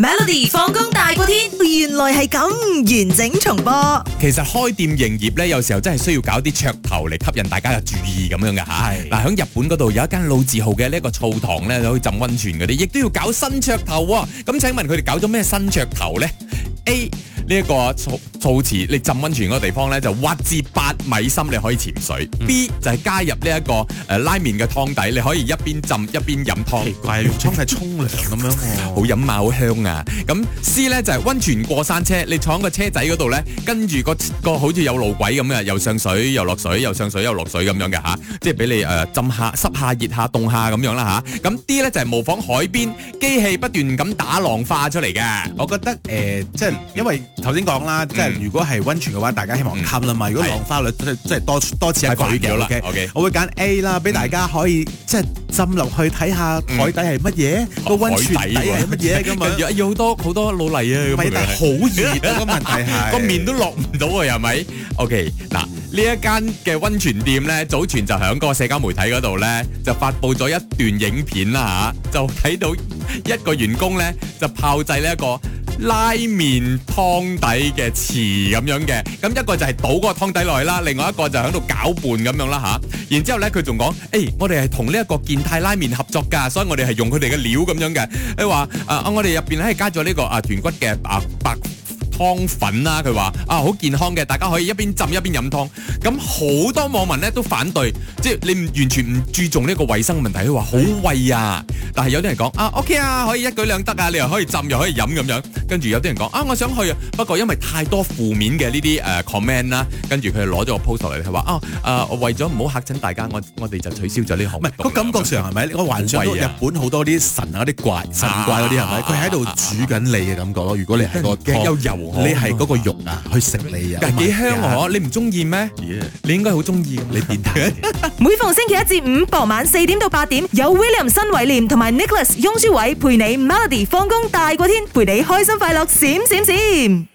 Melody 放工大過天，原來係咁完整重播。其實開店營業咧，有時候真係需要搞啲噱頭嚟吸引大家嘅注意咁樣嘅吓。嗱對，喺、哎、日本嗰度有一間老字號嘅呢一個澡堂咧，可以浸温泉嗰啲，亦都要搞新噱頭啊、哦。咁請問佢哋搞咗咩新噱頭咧？A 呢一個措措池，你浸温泉嗰地方咧，就挖至八米深，你可以潛水。嗯嗯 B 就係加入呢一個誒拉麵嘅湯底，你可以一邊浸一邊飲湯。奇怪，用湯嚟沖涼咁樣好飲啊，好香啊。咁 C 咧就係温泉過山車，你坐喺個車仔嗰度咧，跟住、個個好似有路軌咁嘅，又上水又落水，又上水又落水咁樣嘅吓、啊，即係俾你誒浸下濕下熱下凍下咁樣啦吓，咁、啊、D 咧就係模仿海邊機器不斷咁打浪花出嚟嘅。 我覺得誒，即、呃、係因為。頭先講啦，即係如果係温泉嘅話，大家希望浸啦嘛。如果浪花率即係多多次一季嘅，O K，我會揀 A 啦，俾大家可以即係浸落去睇下海底係乜嘢，個温、嗯、泉底係乜嘢咁。要好多好多努嚟，啊，好熱天啊個問題係個面都落唔到啊，係咪？O K，嗱呢一間嘅温泉店咧，早前就響個社交媒體嗰度咧，就發布咗一段影片啦吓、啊，就睇到一個員工咧就炮製呢一個。拉麵湯底嘅匙咁樣嘅，咁一個就係倒嗰個湯底落去啦，另外一個就喺度攪拌咁樣啦吓，然之後咧佢仲講，誒、哎、我哋係同呢一個健太拉麵合作㗎，所以我哋係用佢哋嘅料咁樣嘅，佢話啊我哋入邊咧係加咗呢、這個啊豚骨嘅啊白。白湯粉啦，佢話啊好健康嘅，大家可以一邊浸一邊飲湯。咁好多網民咧都反對，即係你完全唔注重呢個衛生問題。佢話好喂啊，的但係有啲人講啊 OK 啊，可以一舉兩得啊，你又可以浸又可以飲咁樣。跟住有啲人講啊，我想去啊，不過因為太多負面嘅呢啲誒 comment 啦，跟住佢攞咗個 post 嚟，佢話啊，啊我為咗唔好嚇親大家，我我哋就取消咗呢項。唔、那個、感覺上係咪？我懷疑、啊、日本好多啲神啊啲怪神怪嗰啲係咪？佢喺度煮緊你嘅感覺咯。如果你係個你係嗰個肉、嗯、啊，去食你啊！但幾香啊，你唔中意咩？你應該好中意，你別睇。 每逢星期一至五傍晚四點到八點，有 William 新偉廉同埋 Nicholas 翁舒偉陪你 Melody 放工大過天，陪你開心快樂閃閃閃。